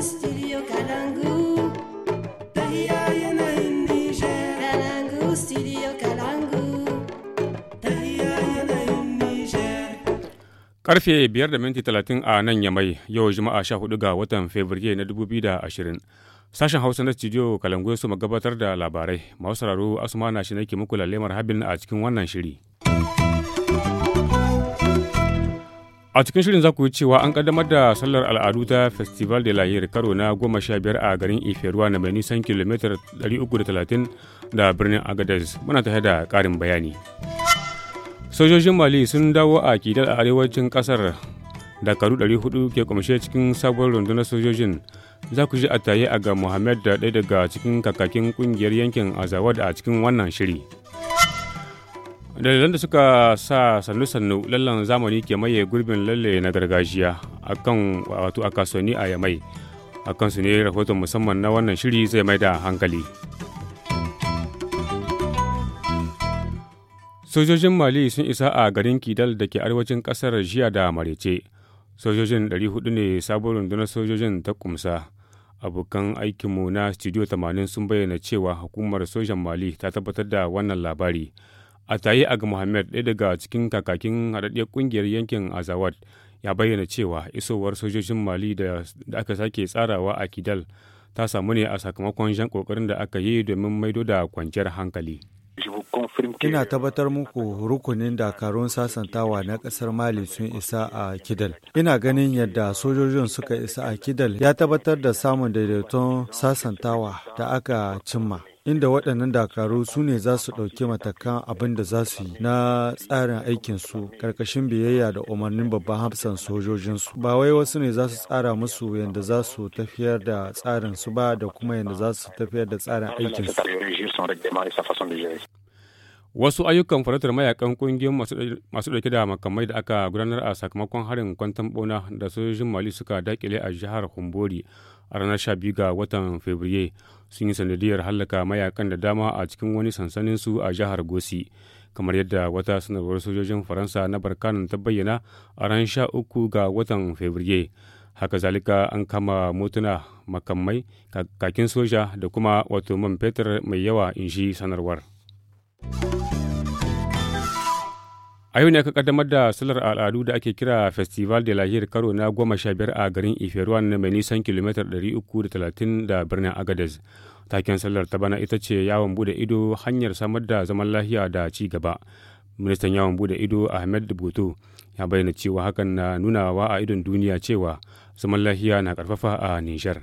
studio Karfe 5 da minti 30 a nan Yamai, yau Juma'a hudu ga watan Fabrairu na 2020. Sashen Hausa na studio Kalangu su gabatar da labarai. Masu sauraro Asuma na shi nake muku lalemar habin a cikin wannan shiri. A cikin shirin za ku yi cewa an kaddamar da sallar al'adu ta Festival de la Hire karo na goma sha biyar a garin Iferuwa na mai nisan kilomitar 330 da birnin Agadez. Muna tare da ƙarin bayani. Sojojin Mali sun dawo a Kidal a arewacin kasar Dakaru 400 ke kumshe cikin sabuwar rundunar sojojin. Za ku ji a taye a ga Mohamed da ɗaya daga cikin kakakin kungiyar yankin Azawad a cikin wannan shiri. dalilan da suka sa sannu-sannu lallan zamani ke maye gurbin lalle na gargajiya akan wato a kasuwanni a yamai akan su ne rahoton musamman na wannan shiri zai mai da hankali sojojin mali sun isa a garin kidal da ke arewacin kasar jiya da marece sojojin 400 ne sabon rundunar sojojin ta kumsa abokan aikinmu na studio 80 sun bayyana cewa hukumar sojan mali ta tabbatar da wannan labari a Atayi Ag Mohamed ɗaya daga cikin kakakin haɗaɗɗiyar ƙungiyar yankin Azawad ya bayyana cewa isowar sojojin Mali da aka sake tsarawa a Kidal ta samu ne a sakamakon jan ƙoƙarin da aka yi domin maido da kwanciyar hankali. Ina tabbatar muku rukunin dakarun sasantawa na kasar Mali sun isa a Kidal. Ina ganin yadda sojojin suka isa a Kidal ya tabbatar da samun daidaiton sasantawa da aka cimma. inda waɗannan dakaru su ne za su ɗauki matakan abin da za su yi na tsarin aikinsu ƙarƙashin biyayya da umarnin babban hafsan sojojinsu ba wai wasu ne za su tsara musu yadda za su tafiyar da tsarin su ba da kuma yadda za su tafiyar da tsarin aikinsu Wasu ayyukan farautar mayakan ƙungiyar masu ɗauke da makamai da aka gudanar a sakamakon harin kwantan bona da sojojin Mali suka dakile a jihar humbori a ranar 12 ga watan Fabriye sun yi sanadiyar hallaka mayakan da dama a cikin wani sansanin su a jihar Gosi. Kamar yadda wata sanarwar sojojin Faransa na Barkanin ta bayyana a ran 13 ga watan Fabriye. haka zalika an kama motuna makamai kakin soja da kuma wato man fetur mai yawa in shi sanarwar. A yau ne aka kaddamar da salar al'adu da ake kira Festival de la Hir karo na goma sha biyar a garin Iferuwan mai nisan kilomitar uku da talatin da birnin Agadez. Taken sallar ta bana ita ce yawon bude ido hanyar samar da zaman lafiya da ci gaba. Ministan yawon bude ido Ahmed Boto ya bayyana cewa hakan na nunawa a idon duniya cewa zaman lafiya na karfafa a Nijar.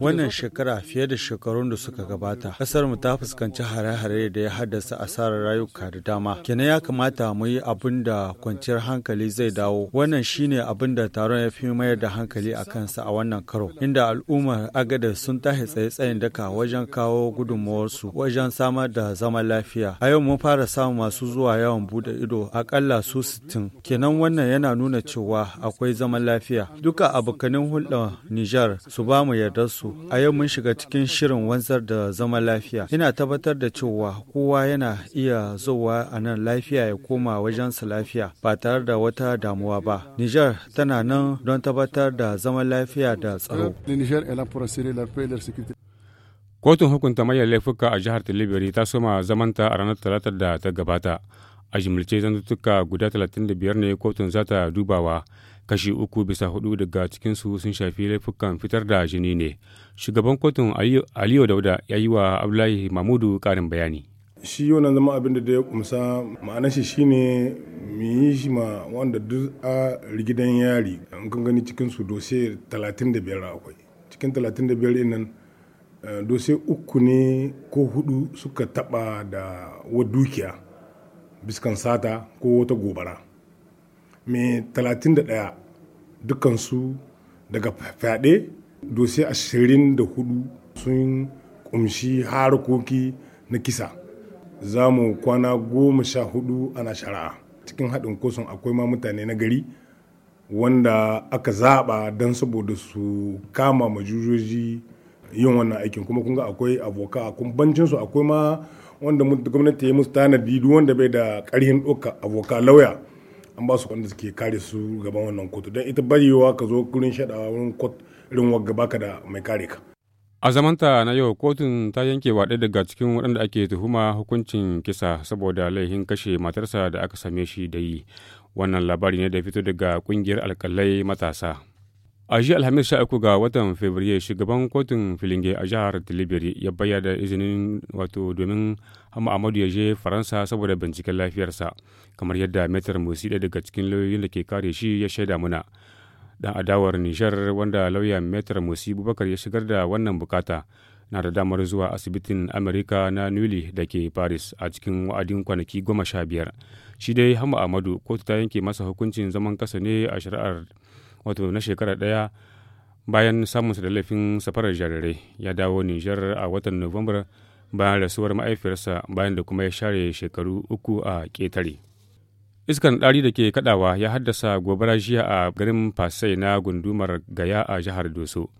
Wannan shekara fiye da shekarun da suka gabata, kasar mu ta fuskanci hare-hare da ya haddasa asarar rayuka da dama. Kenan ya kamata mu yi abin da kwanciyar hankali zai dawo. Wannan shine abin da taron ya fi mayar da hankali a kansa a wannan karo, inda al'ummar agada sun tashi tsaye-tsayen daka wajen kawo gudunmawarsu wajen samar da zaman lafiya. A yau mun fara samun masu zuwa yawon bude ido akalla su 60. Kenan wannan yana nuna cewa akwai zaman lafiya. Duka abokanin hulɗar Nijar su ba mu yarda su a yau mun shiga cikin shirin wanzar da zama lafiya ina tabbatar da cewa kowa yana iya zowa a nan lafiya ya koma wajensa lafiya ba tare da wata damuwa ba nijar tana nan don tabbatar da zaman lafiya da tsaro kotun hukunta mayar laifuka a jihar Tilibiri ta soma zamanta a ranar talatar da ta gabata a jimilce zantuttuka guda 35 ne kotun za ta dubawa kashi uku bisa hudu daga cikinsu sun shafi laifukan fitar da jini ne shugaban kotun aliyu dauda ya yi wa abdullahi mamudu karin bayani shi wannan zama abin da ya kumsa ma'ana shi shine mu yi shi ma wanda duk a rigidan yari an kan gani cikin su dose 35 akwai cikin 35 nan dose uku ne ko hudu suka taba da wa dukiya biskan sata ko wata gobara mai 31 dukansu daga fyaɗe da 24 sun kumshi harkoki na kisa za mu kwana goma sha hudu ana shari'a cikin haɗin koson akwai ma mutane na gari wanda aka zaɓa don saboda su kama majujoji yin wannan aikin kuma kun ga akwai avoka kumbancin su akwai ma wanda gwamnati ya musu tanadi duk wanda bai da ƙarhin ɗauka aboka lauya an ba su wanda suke kare su gaban wannan kotu don ita barewa ka zo kurin shaɗa wurin kot wagga baka da mai kare ka a zamanta na yau kotun ta yanke wa ɗaya daga cikin waɗanda ake tuhuma hukuncin kisa saboda laihin kashe matarsa da aka same shi da yi wannan labari ne da fito daga ƙungiyar alƙalai matasa a jiya alhamis sha ga watan fabrairu shugaban kotun filinge a jihar tilibiri ya bayyana izinin wato domin hamma amadu ya je faransa saboda binciken lafiyarsa kamar yadda metar musi daga cikin lauyoyin da ke kare shi ya shaida muna dan adawar nishar wanda lauya metar musi bubakar ya shigar da wannan bukata na da damar zuwa asibitin amerika na newly da ke paris a cikin wa'adin kwanaki goma sha biyar shi dai hama amadu kotu ta yanke masa hukuncin zaman kasa ne a shari'ar wato na shekara ɗaya bayan samunsa da laifin safarar jarirai ya dawo nijar a watan nuwambar bayan rasuwar ma'aifiyarsa bayan da kuma ya share shekaru uku a ƙetare iskan ɗari da ke kaɗawa ya haddasa gobara jiya a garin fasai na gundumar gaya a jihar doso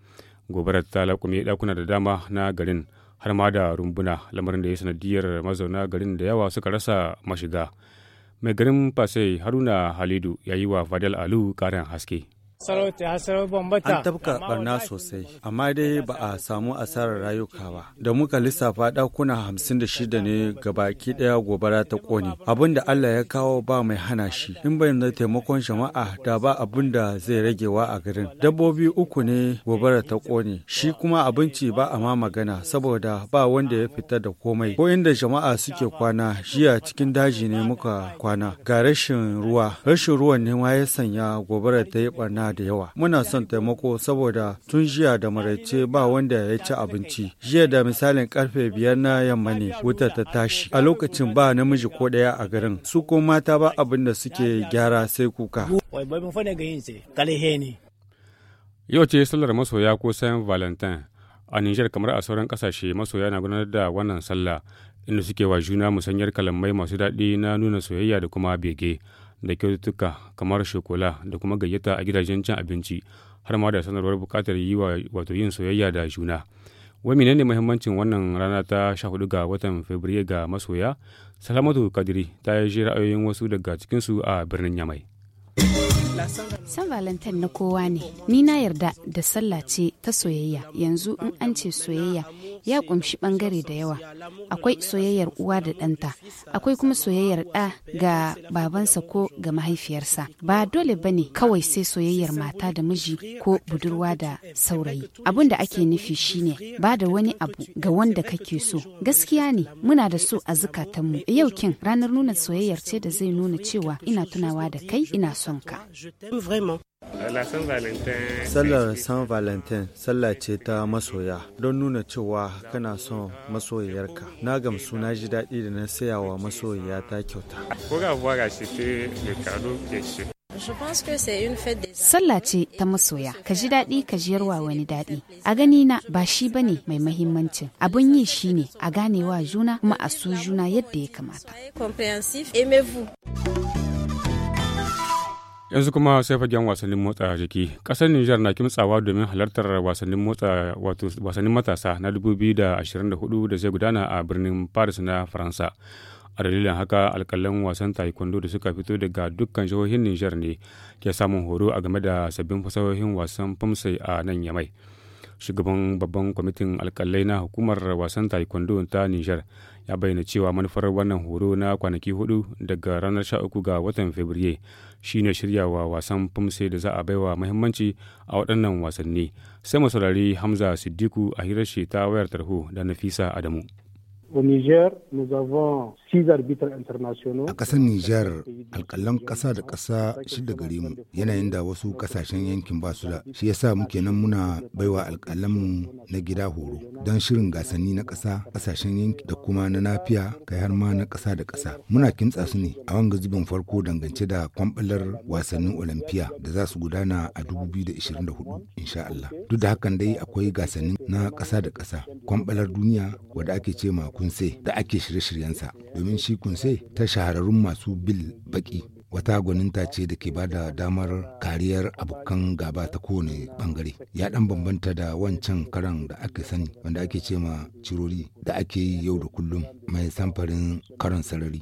gobarar ta laƙume ɗakuna da dama na garin har ma da rumbuna lamarin da ya sanadiyar mazauna garin da yawa suka rasa mashiga mai garin fasai haruna halidu ya yi wa fadal alu ƙarin haske sarauta ya sarau bambata. An tafka barna sosai, amma dai ba a samu asarar rayuka ba. Da muka lissafa ɗakuna hamsin da shida ne ga baki ɗaya gobara ta kone Abin da Allah ya kawo ba mai hana shi. In bai na taimakon jama'a da ba abin da zai ragewa a garin. Dabbobi uku ne gobara ta kone Shi kuma abinci ba a ma magana saboda ba wanda ya fita da komai. Ko inda jama'a suke kwana jiya cikin daji ne muka kwana. Ga rashin ruwa. Rashin ruwan ne ma ya sanya gobara ta yi barna da yawa. Muna son taimako saboda tun jiya da maraice ba wanda ya ci abinci. Jiya da misalin karfe biyar na yamma ne wutar ta tashi. A lokacin ba namiji ko daya a garin. Su ko mata ba abin da suke gyara sai kuka. Yau ce sallar masoya ko sayan Valentine. A niger kamar a sauran kasashe masoya na gudanar da wannan sallah inda suke wa juna musanyar kalamai masu daɗi na nuna soyayya da kuma bege. da kyaututtuka kamar shokola da kuma gayyata a gidajen cin abinci har ma da sanarwar buƙatar yi wa wato yin soyayya da juna wai menene muhimmancin wannan rana ta 14 ga watan fabrairu ga masoya salamatu kadiri ta yi ra'ayoyin wasu daga cikinsu a birnin yamai San valentine na kowa ne, ni na yarda da sallah ce ta soyayya yanzu in an ce soyayya ya kumshi bangare da yawa akwai soyayyar uwa da ɗanta akwai kuma soyayyar ɗa ga babansa ko ga mahaifiyarsa ba dole ba ne kawai sai soyayyar mata da miji ko budurwa da saurayi abin da ake nufi shine ba da wani abu ga wanda kake so gaskiya ne muna da so a zukatanmu yau kin ranar nuna soyayyar ce da zai nuna cewa ina tunawa da kai ina son ka Sallar San Valentin sallah ce ta masoya don nuna cewa kana son masoyiyarka. Na gamsu na ji daɗi da na saya wa masoyiya ta kyauta. Sallah ce ta masoya, ka ji daɗi ka jiyarwa wani daɗi. A gani na ba shi ba ne mai mahimmancin, abun yi shi ne a ganewa juna kuma a su juna yadda ya kamata. yanzu kuma sai fagen wasannin motsa jiki ƙasar nijar na kimtsawa domin halartar wasannin motsa wato wasannin matasa na 2024 da zai gudana a birnin paris na faransa a dalilin haka alƙalin wasan taekwondo da suka fito daga dukkan jihohin nijar ne ke samun horo a game da sabbin fasahohin wasan famsai a nan yamai shugaban babban kwamitin alƙalai na hukumar wasan taekwondo ta nijar ya bayyana cewa manufar wannan horo na kwanaki hudu daga ranar 13 ga watan fabriye shine wa wasan fumse da za a baiwa muhimmanci a waɗannan wasanni sai masaurari hamza siddiku a hirar ta wayar tarho da nafisa adamu Au Niger, nous A ƙasar Niger, alƙalan ƙasa da ƙasa shida gare mu yanayin da wasu ƙasashen yankin ba su da. Shi yasa muke nan muna baiwa mu na gida horo don shirin gasanni na ƙasa, ƙasashen yanki da kuma na nafiya kai har ma na ƙasa da ƙasa. Muna kintsa su ne a wanga zubin farko dangance da kwamɓalar wasannin Olamfiya da za su gudana a 2024 insha Allah. Duk da hakan dai akwai gasannin na ƙasa da ƙasa, kwamɓalar duniya wadda ake ce ma kunse da ake shirye-shiryensa domin shi kunse ta shahararrun masu bil baki wata gwaninta ce da ke ba da damar kariyar abokan gaba ta kowane bangare ya dan bambanta da wancan karan da aka sani wanda ake ce ma cirori da ake yi yau da kullum mai samfarin karan sarari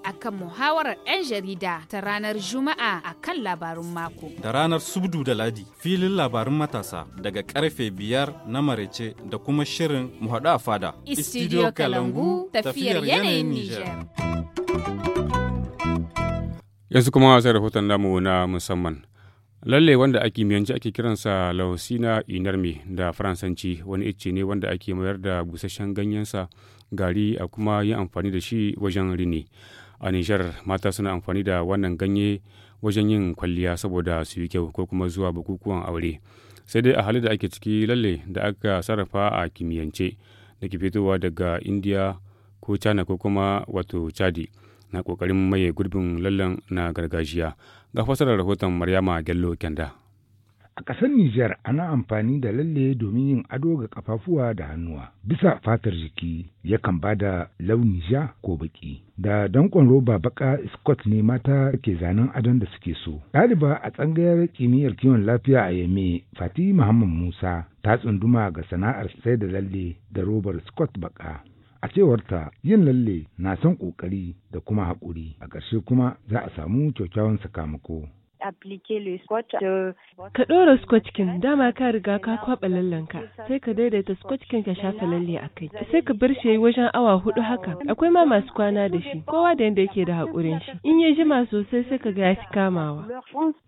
akan muhawarar 'yan jarida ta ranar Juma'a a kan labarun mako. Da ranar Subdu da Ladi filin labarun matasa daga karfe biyar na marece da kuma shirin muhaɗu a fada. Istidiyo Kalangu tafiyar yanayin Nijar. Yanzu kuma sai rahoton namu na musamman. lalle wanda ake miyanci ake kiransa lausina i'narmi da faransanci wani icce ne wanda ake mayar da busasshen ganyensa gari a kuma yin amfani da shi wajen rini a nijar mata suna amfani da wannan ganye wajen yin kwalliya saboda su yi kyau ko kuma zuwa bukukuwan aure sai dai a halin da ake ciki lalle da aka sarrafa a kimiyyance da ke fitowa daga india ko china ko kuma wato chadi na kokarin maye gurbin lallen na gargajiya ga fasarar rahoton maryama gello kenda A ƙasar Nijar ana amfani da lalle domin yin ado ga ƙafafuwa da hannuwa. Bisa fatar jiki yakan ba da launi ja ko baƙi. Da danƙon roba baƙa Scott ne mata ke zanen adon da suke so. Ɗaliba a tsangayar kimiyyar kiwon lafiya a Yeme, Fati Muhammad Musa ta tsunduma ga sana'ar sai da lalle da robar Scott baƙa. A cewarta yin lalle na son ƙoƙari da kuma haƙuri, a ƙarshe kuma za a samu kyakkyawan sakamako. Euh, ka ɗora skwacikin dama ka riga ka kwaɓa lallanka sai ka daidaita skwacikin ka shafa lalle a kai sai ka bar shi wajen awa hudu haka akwai ma masu kwana da shi kowa da yanda yake da haƙurin shi in ya jima sosai sai ka ga ya fi kamawa.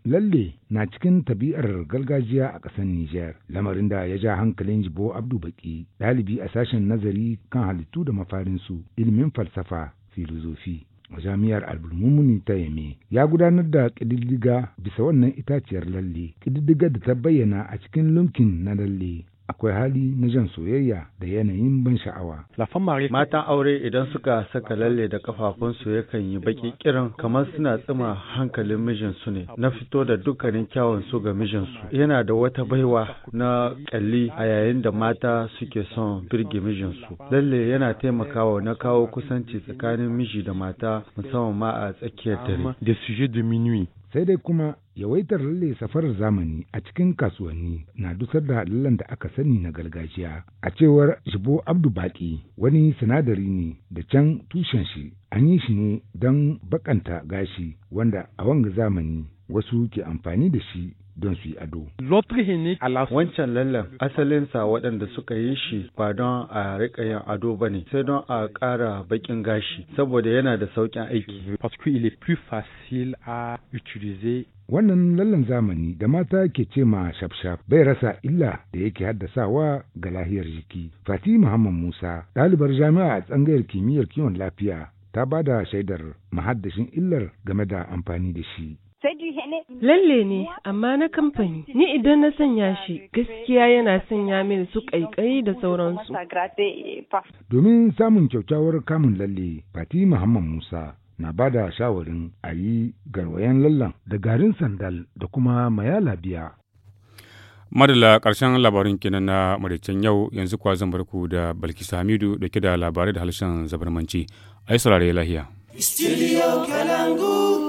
Lalle na cikin tabi'ar gargajiya a ƙasar Nijar lamarin da ya ja hankalin Jibo Abdu Baki ɗalibi a sashen nazari kan halittu da mafarinsu ilimin falsafa filozofi a jami'ar Abdulmumuni ta Yame ya gudanar da ƙididdiga bisa wannan itaciyar lalle, ƙididdigar da ta bayyana a cikin lunkin na lalle akwai hali na jan soyayya da yanayin ban sha'awa. Matan aure idan suka saka lalle da kafafunsu yakan yi baki kiran kamar suna tsima hankalin mijinsu ne na fito da dukkanin kyawun su ga mijinsu. Yana da wata baiwa na kalli a yayin da mata suke son birge mijinsu. Lalle yana taimakawa na kawo kusanci tsakanin miji da mata musamman ma a tsakiyar dare. Da suje de sai dai kuma yawaitar lalle safarar zamani a cikin kasuwanni na dusar da lallan da aka sani na gargajiya a cewar shibo abdu baki wani sinadari ne da can tushen shi an yi shi ne don bakanta gashi wanda a wanga zamani wasu ke amfani da shi don su yi ado. Wancan lallan sa waɗanda suka yi shi ba don a riƙa yin ado ba ne, sai don a ƙara baƙin gashi, saboda yana da sauƙin aiki. Wannan lallan zamani da mata ke ce ma shafshaf bai rasa illa da yake haddasawa ga lahiyar jiki. Fati Muhammad Musa, ɗalibar jami'a a tsangayar kimiyyar kiwon lafiya, ta ba da shaidar mahaddashin illar game da amfani da shi. Lalle ne, amma na kamfani. Ni idan na sanya shi, gaskiya yana sanya mini su ƙaiƙayi da sauransu. Domin samun kyaukyawar kamun lalle, Fati Muhammad Musa na ba da shawarin a yi garwayen lallan da garin sandal da kuma mayala biya. Madala ƙarshen labarin kenan na maricin yau yanzu kwa zan barku da Balki Hamidu da ke da labarai da harshen zabarmanci. Ai saurare lahiya. Studio Kalangu.